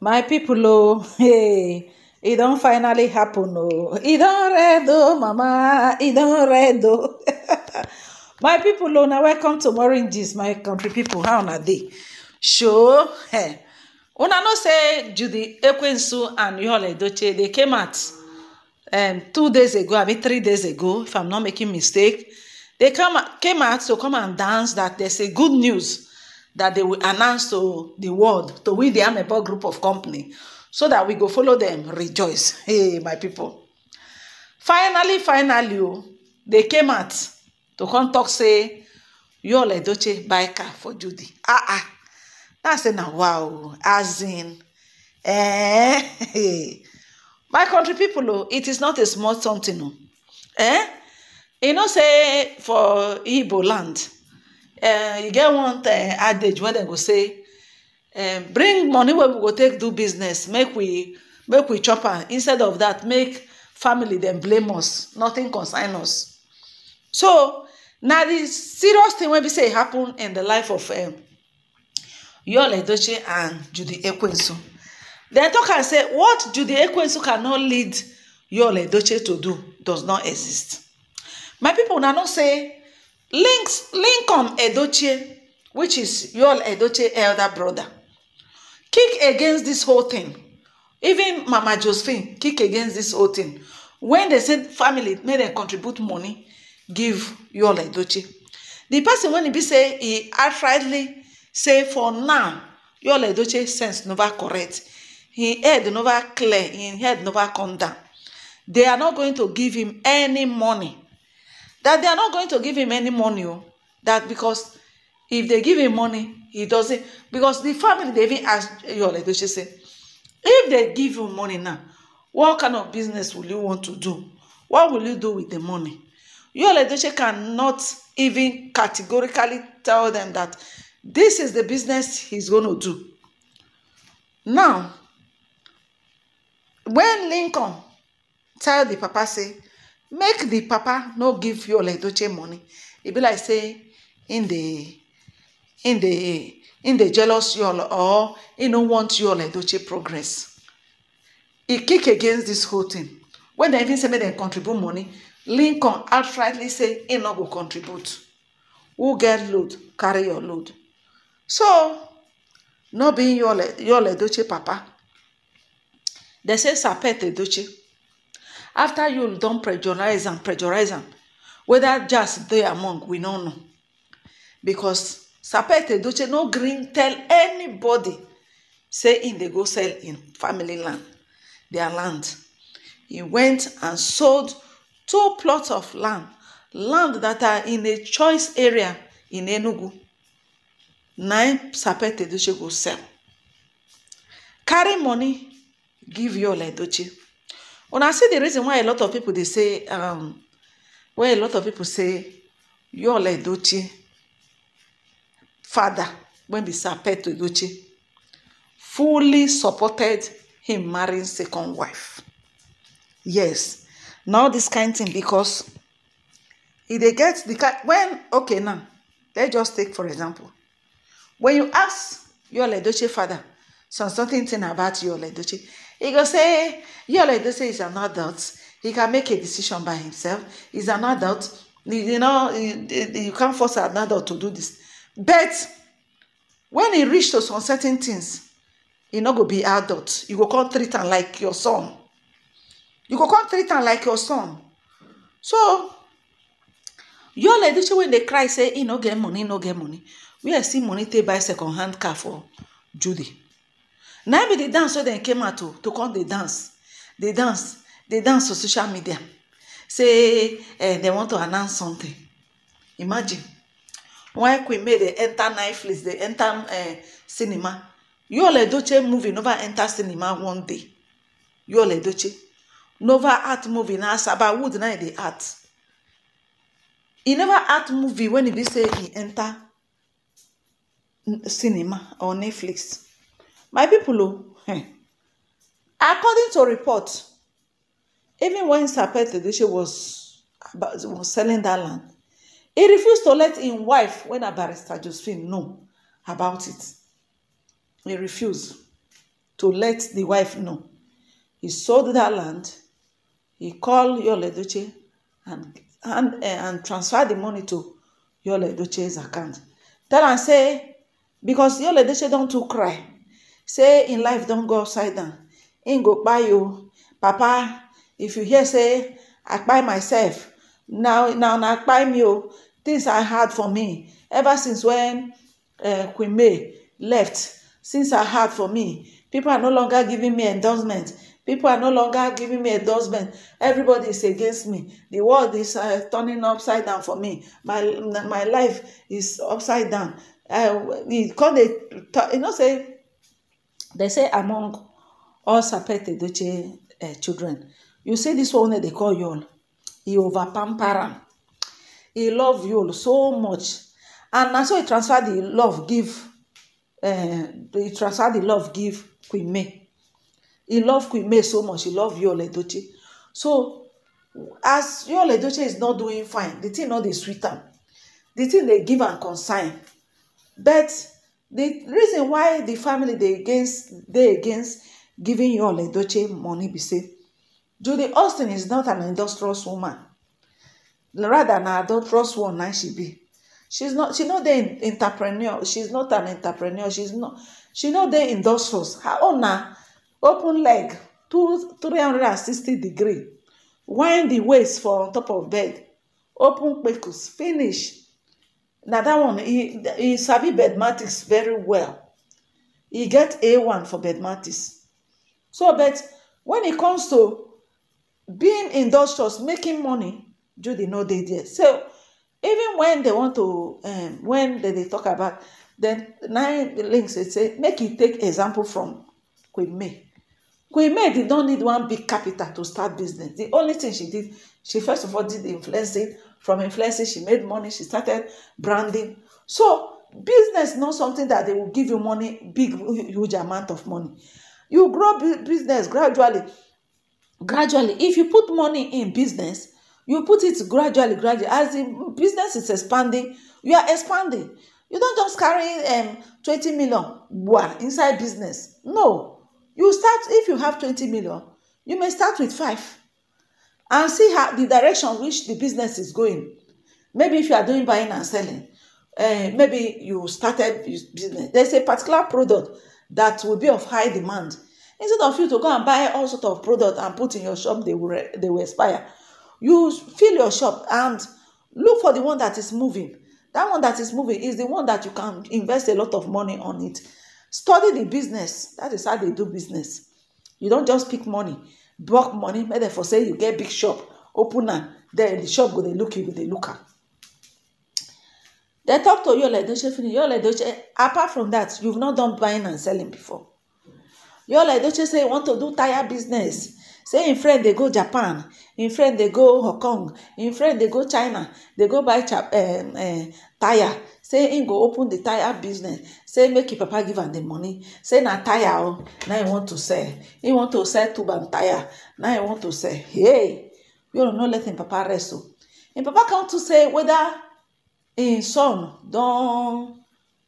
my people oh hey It don't finally happen oh It don't redo, oh, mama It don't redo. Oh. my people oh now welcome to Maureen my country people how are they? sure eh, hey una no say Judy Ekwensu and Yole Doche, they came out um, two days ago i mean three days ago if i'm not making mistake they come came out to come and dance that there's a good news that they will announce to the world, to we the Amebo group of company, so that we go follow them, rejoice. Hey, my people. Finally, finally, oh, they came out to come talk, say, Yul Edochie buy biker for Judy. Ah, ah. I in now, wow, as in, eh, My country people, oh, it is not a small something. Oh. Eh? You know, say, for Igbo land, Uh, you get one eh, adage wey dem go say uh bring money wey we go take do business make we make we chop am instead of that make family then blame us nothing consign us so now the serious thing when we say e happen in the life of yul edoche and judy ekwensu they talk and say what judy ekwensu cannot lead yul edoche to do does not exist my people now know say Links, Lincoln Edochie, which is your Edochie elder brother, kick against this whole thing. Even Mama Josephine kick against this whole thing. When they said family, may they contribute money, give your Edochie. The person when he be say, he outrightly say for now, your Edochie sense never correct. he head never clear, he head never come down. They are not going to give him any money that they are not going to give him any money oh, that because if they give him money he doesn't because the family they even ask your lady she say if they give you money now what kind of business will you want to do what will you do with the money your leadership cannot even categorically tell them that this is the business he's going to do now when lincoln tell the papa say make the papa no give you Oledoche money e be like say in the in the in the jealous you or he no want you Oledoche progress e kick against this whole thing When dem even say make dem contribute money lincoln outrightly say he no go contribute who get load carry your load so no be your Oledoche papa dem say sapet edoche after you don pressurize am pressurize am whether just they among we no know because sapete edoche no green tell anybody say in dey go sell in family land their land he went and sold two plots of land land that are in a choice area in enugu na im sapete edoche go sell carry money give yul edoche una see the reason why a lot of people they say um, why a lot of people say Yul Edochie father when be Sir to Edochie fully supported him marrying second wife yes Now this kind thing because if they get the kind when okay now let's just take for example when you ask Yul Edochie father some something thing about Yul Edochie He go say, you like they say he's an adult. He can make a decision by himself. He's an adult. You know, you can't force an adult to do this. But when he reaches those some certain things, he going go be adult. You go come treat him like your son. You go come treat him like your son. So, your lady she when they cry say he no get money, no get money. We are see money to buy second hand car for Judy? na be di dance wey dem came out to to come dey dance dey dance dey dance for social media say eh, dem want to announce something imagine why queen may dey enter netflix dey enta eh, cinema yoo edoche movie nova enta cinema one day yoo edoche nova art movie na asaba wood na e dey art e never art movie wen e be say e enta cinema or netflix. my people o oh, eh, according to report even when sapet edoche was about was selling that land he refused to let his wife when a barrister josephine know about it he refused to let the wife know he sold that land he called yul edoche and and uh, and transferred the money to yul edoche's account tell and say because yul edoche don't too cry say in life don't go upside down In go buy you, papa if you hear say i buy myself now now I buy me oh. things are hard for me ever since when uh, queen may left things are hard for me people are no longer giving me endorsement people are no longer giving me endorsement everybody is against me the world is uh, turning upside down for me my my life is upside down uh, e they you know say They say among all separate Edoche uh, children, you see this one that they call Yol. He over pamper am. He love Yol so much. And na so he transfer the love give uh, he transfer the love give Queen May. He love Queen May so much. He love Yol Edochie. So as Yol Edochie is not doing fine, the thing no dey sweet am. The thing dey give am concern. But the reason why the family dey against dey against giving your ledoche money be say Judy Austin is not an industrious woman rather na adulterous one na she be she's not she no dey entrepreneur she's not an entrepreneur she's not she no dey industrious her own na open leg two three hundred and sixty degree wind the waist for on top of bed open kpekus finish Now that one he e sabi mathematics very well he get a1 for mathematics so but when it comes to being industrious making money judy no dey there so even when they want to um, wen they dey talk about then nine links they say make you take example from queen may queen may did not need one big capital to start business the only thing she did She first of all did influencing. From influencing, she made money. She started branding. So business not something that they will give you money, big huge amount of money. You grow business gradually, gradually. If you put money in business, you put it gradually, gradually. As the business is expanding, you are expanding. You don't just carry um, 20 million wow, inside business. No. You start, if you have 20 million, you may start with five and see how the direction which the business is going maybe if you are doing buying and selling uh, maybe you started business there's a particular product that will be of high demand instead of you to go and buy all sort of product and put in your shop they will they will expire you fill your shop and look for the one that is moving that one that is moving is the one that you can invest a lot of money on it study the business that is how they do business you don't just pick money block money make dem for say you get big shop open am then the shop go dey look you go dey look am dem talk to Yul Edochie finish Yul Edochie apart from that you've not done buying and selling before Yul Edochie say you want to do tire business say im friend dey go japan im friend dey go hong kong im friend dey go china dey go buy tire say im go open the tire business say make im papa give am the money say na tire o oh, na im want to sell im want to sell and tire na im want to sell hey yorow no let im papa rest o oh. im papa count to say whether im son don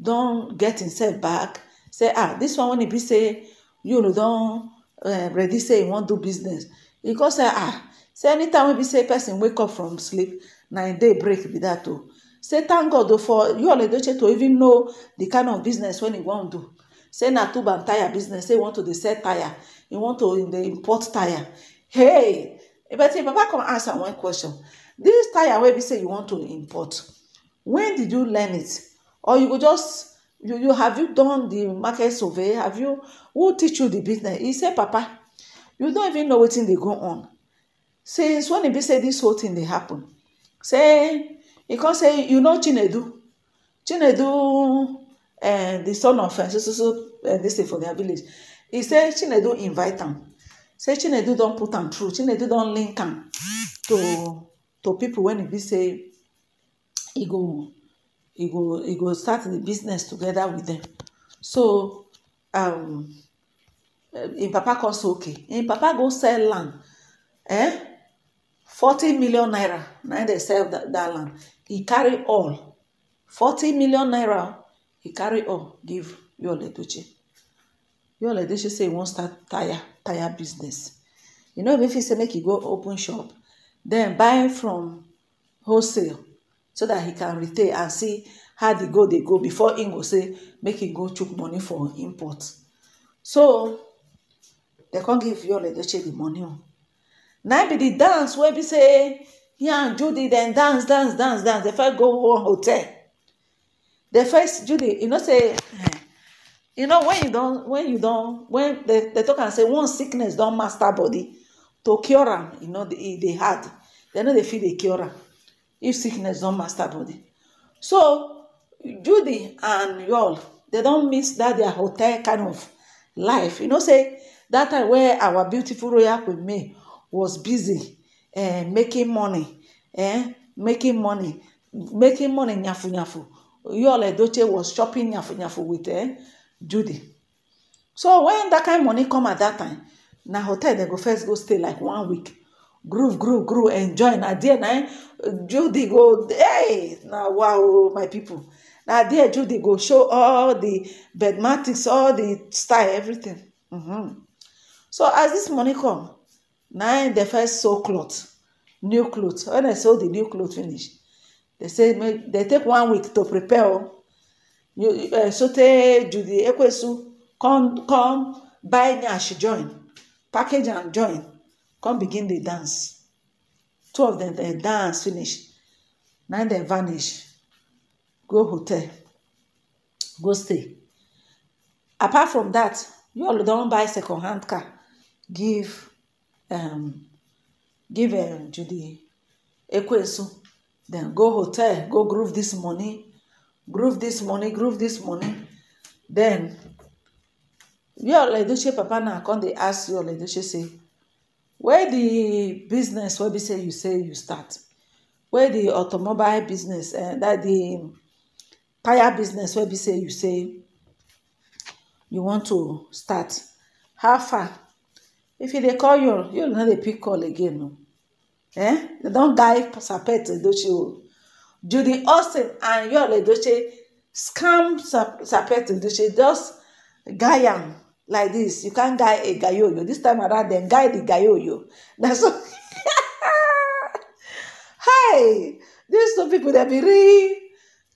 don get himself back say ah dis one wen e be say yorow don. Eh, ready say he wan do business He come say ah say anytime wey be say person wake up from sleep na im day break be that o oh. say thank god o oh, for Yul Edochie to even know the kind of business wey he wan do say na tube and tyre business say e want to dey sell tyre He want to dey import tyre hey but im papa come ask am one question this tyre wey be say you want to import when did you learn it or you go just you you have you don the market survey have you who teach you di business e say papa you don even know wetin dey go on since wen e be say dis whole tin dey happen say e come say you know chinedu chinedu di eh, son of dis eh, eh, dey for dia village e say chinedu invite am say chinedu don put am through chinedu don link am to to pipo wen e be say e go. He go he go start the business together with them so um, im eh, eh, papa come say okay im eh, papa go sell land eh forty million naira na dey sell that, that land He carry all forty million naira He carry all give Yul Edochie Yul doche. say he wan start tire tire business you know if e say make he go open shop then buy from wholesale so that he can retain and see how the go, dey go before him go say make him go chook money for import so dem come give yul edochie the money o na be the dance wey be say he and judy dem dance dance dance dance dem first go one hotel dem first judy you know say you know when you don when you don when they they talk am say one sickness don master body to cure am you know e dey hard dem no dey fit dey cure am if sickness don't master body so judy and y'all they don't miss that their hotel kind of life you know say that time where our beautiful royal with me was busy eh, eh, making money making money making money nyafu nyafu yall edoche was shopping nyafu nyafu with eh, judy so that kind of money come at that time na hotel they go first go stay like one week groove groove groove enjoy na there na eh, judy go hey na wow my people na there judy go show all the bedmatics all the style everything mm-hmm. so as this money come na im dey first sew cloth new cloth when i sew the new cloth finish they say make they take one week to prepare o you so eh, sote judy ekwesu come come buy she join package am join come begin dey dance two of them dem eh, dance finish na dem vanish go hotel go stay apart from that, you all don buy second hand car give um, give um, judy ekwesu Then go hotel go groove this money groove this money groove dis money den yall edoche papa na come dey ask yall edoche say wey di business wey be say you say you start wey di automobile business eh, that di tire business wey be say you say you want to start how far if you dey call you you no dey pick call again no eh dem don die sapet edoche o judy austin and yul edoche scam sapet edoche just guy am like this you can't guide a gayoyo this time around then guide the gayoyo na so hi these two people dem be real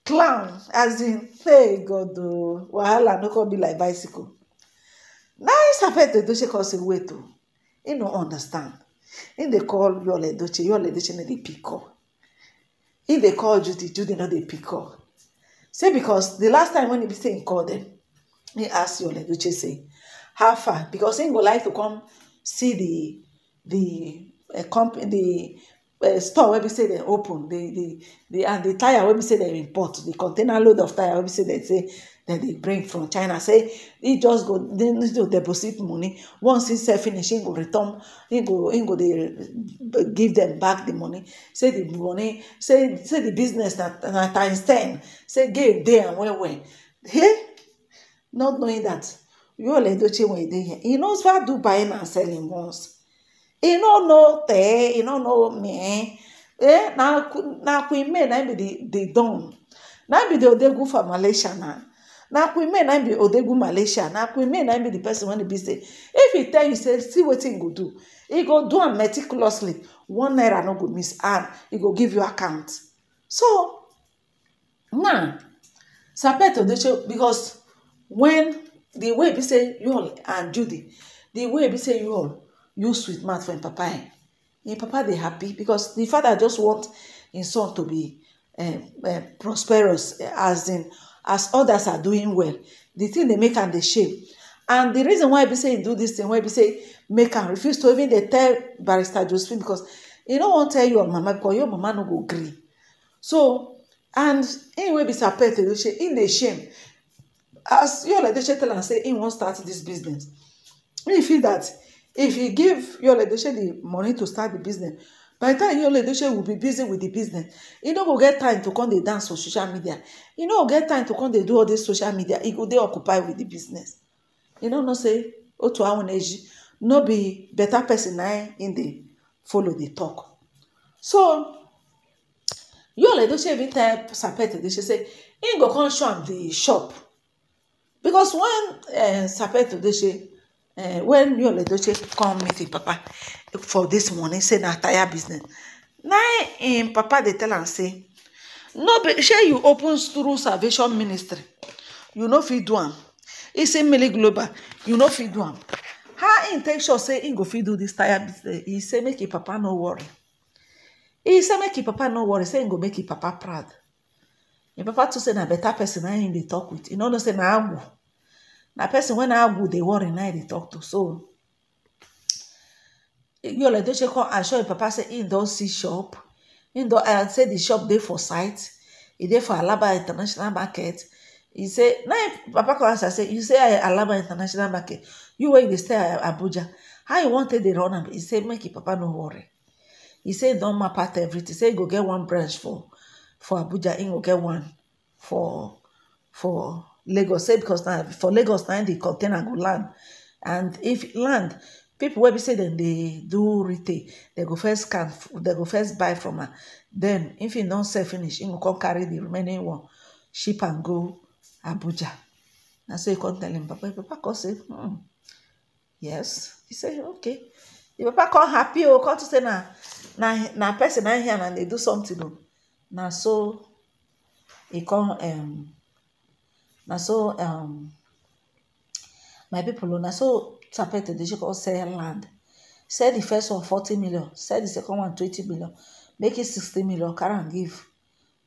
clown as in hey god o wahala no come be like bicycle na isabel edoche call say wait o he no understand he dey call yul doche yul doche no dey pick up he dey call judy judy no dey pick up say because the last time when he be say he call them Me ask you Oleguchi say how far because he would like to come see the the uh, company the uh, store where we say they open the the the and the tire where we say they import the container load of tire where we say they say that they bring from China say he just go then to deposit money once he say finish he go return he go he go they uh, give them back the money say the money say say the business that that times ten say gain dey am where well hey not knowing that Yul Edochie when he dey here, he knows how do buying and selling once. He no know they, he no know me. Eh, now na Queen May na be the the don. Na be the odegu for Malaysia Now Na Queen May na be odegu Malaysia. Na Queen May na be the person when the be say, if he tell you say see what he go do, he go do am meticulously. One naira no go miss and he go give you account. So now, Sapet Odochie because when the way be say Yul and Judy the way be say Yul use sweet mouth for im papa eh, im papa dey happy because the father just want im son to be uh, uh, prosperous as in as others are doing well the thing dey make am dey shame and the reason why be say he do this thing why be say make am refuse to even dey tell barrister josephine because he no wan tell your mama because your mama no go gree so and him wey be her pet edoche him dey shame as your Edochie tell am say he wan start this business me feel that if he give your Edochie the money to start the business by the time your Edochie will be busy with the business he no go get time to come dey dance for social media he no go get time to come dey do all this social media he go dey occupied with the business you no know say otu awuneji no be better person na him dey follow dey talk so yul edochie even tell sapet edochie say him go come show am the shop Because when uh, eh, Sapet Odoche, uh, eh, when Yul Odoche come meet his papa for this morning, say na tire business. Now him papa dey tell am say, no be shey you open through salvation ministry, you no fit do am. He say Mele Global, you no fit do am. How him take sure say him go fit do this tire business? He say make him papa no worry. He say make him papa no worry, say him go make him papa proud. papa too say na beta person na im dey talk with you no know say na agwu na person wey na agwu dey worry na im dey talk to so. Igbo ole dose come assure him papa say im don see shop im don say di shop dey for site e dey for Alaba international market e say na papa come answer say you say Alaba international market you wey dey sell at Abuja how you wan take dey run am e say make your papa no worry e say don map out everything say e go get one branch for. for Abuja, in will get one for for Lagos. Say because now for Lagos now the container go land, and if land, people will be say then they do retail. They go first can they go first buy from her. Then if he don't say finish, he can come carry the remaining one, ship and go Abuja. And so he come tell him, Papa, Papa, come say, hmm. yes. He say okay. The papa come happy, oh, come to say na na na person I here and they do something. Oh. na so e con um na so um my people o na so tapet odeshi call sell land sell the first one forty million sell the second one twenty million make it sixty million carry am give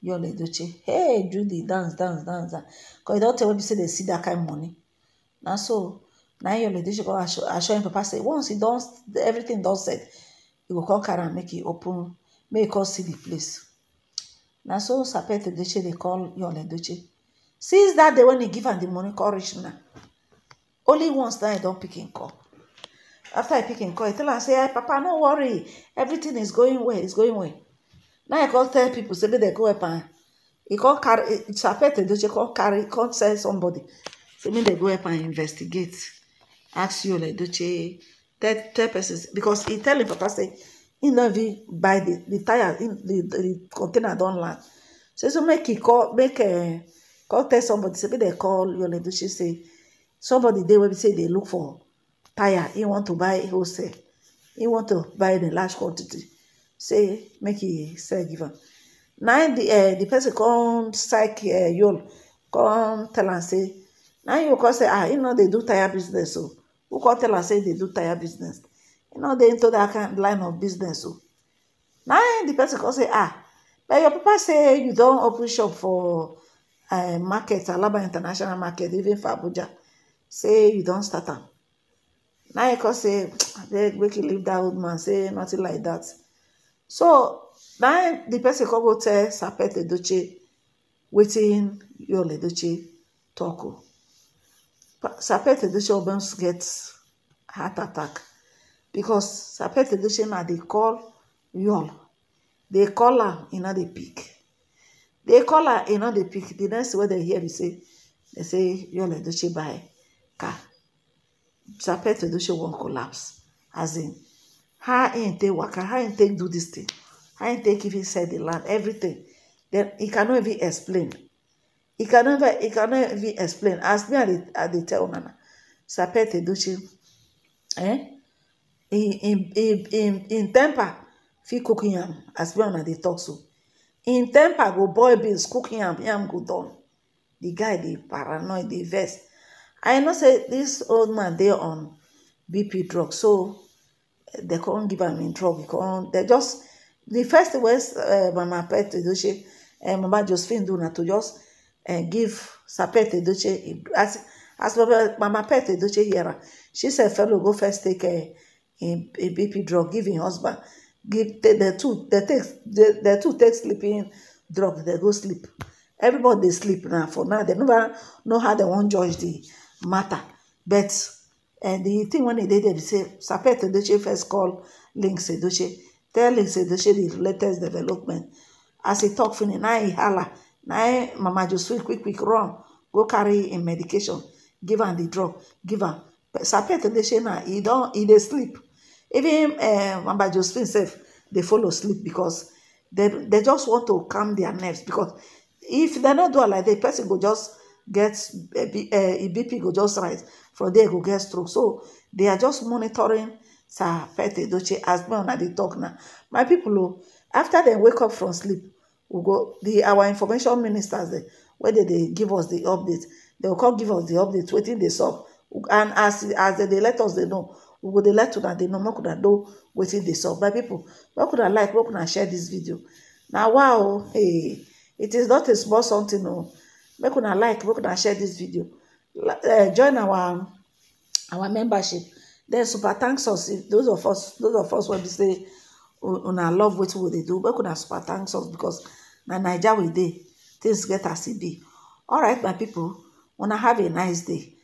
yul edochie hey do the dance dance dance dance cause e don tell me be say dey see that kind of money na so na yul edochie go assure him papa say once he don everything don set he go come carry am make he open make he come see the place. Now so sapet edoche dey call yul edoche since dat day wen e give am the money call rich now only once I do don pick him call after I pick him call I tell am say hey papa no worry everything is going well It's going well now I call tell people, say make dem go up am e come carry sapet edoche come carry come tell somebody say me, dem go up and investigate ask yul edoche tell tell person because he tell him papa say he no even buy the the tire him the the container don land so so make he call make uh, call tell somebody say make dem call Yul Edochie say somebody dey wey be say dey look for tire he want to buy wholesale he want to buy the large quantity say make he sell give am na the uh, the person come psych uh, eh, Yul come tell am say na you come say ah he no dey do tire business o so. who come tell am say he dey do tire business e no dey into that kind line of business o oh. na the person come say ah but your papa say you don open shop for eh, market alaba international market even for abuja say you don start am na him come say abeg ah, make you leave that old man say nothing like that. so na the person come go tell sapet edoche wetin yul edoche tok o oh. sapet edoche almost get heart attack because sapien tedoche na dey call yoon dey call am e na dey pick dey call am e na dey pick di next word dem hear bi say dem say yoon edoche buy car sapien tedoche wan collapse as in how im e take waka how im e take do dis thing how im e take even sell di land everything tin dem e can no even explain e can never no even explain as me i dey tell una na sapien eh. him him him him temper fit cook yam as me and dey talk so him temper go boil beans cook yam yam go done the guy dey paranoid dey vex i know say this old man dey on bp drug so eh, they con give am him drug e con they just the first thing wey eh, mama pet edoche eh, mama josephine do na to just give sapet edoche as as mama pet edoche hear she say fellow go first take care. him im pp drug give him husband give the two de take the the two take sleeping drug dem go sleep everybody dey sleep na for now dem no know how dem wan judge di matter but the thing wen e dey there be say sapet todesu first call link sedoche tell link sedoche the latest development as e talk finish na e hala na mama sweet quick quick run go carry im medication give am di drug give am but sanpe na e dey sleep. Even uh, Mama Josephine self, they fall asleep because they, they just want to calm their nerves because if they are not doing like that person go just get uh, eh, bp eh, go just rise from there go get stroke so they are just monitoring sir pete edoche as me una they talk now my people o oh, after they wake up from sleep we go the our information ministers they, wey they give us the update They will come give us the update wetin dey sup and as as they let us they know we go dey to una dey know make una know wetin dey sup my pipo make una like make una share dis video na wow oh, hey it is not a small something o oh. make una like make una share dis video eh, join our our membership then super thanks us if those of us those of us wey be say una love wetin we dey do make una super thanks us because na naija we dey things get as e be alright my pipo una have a nice day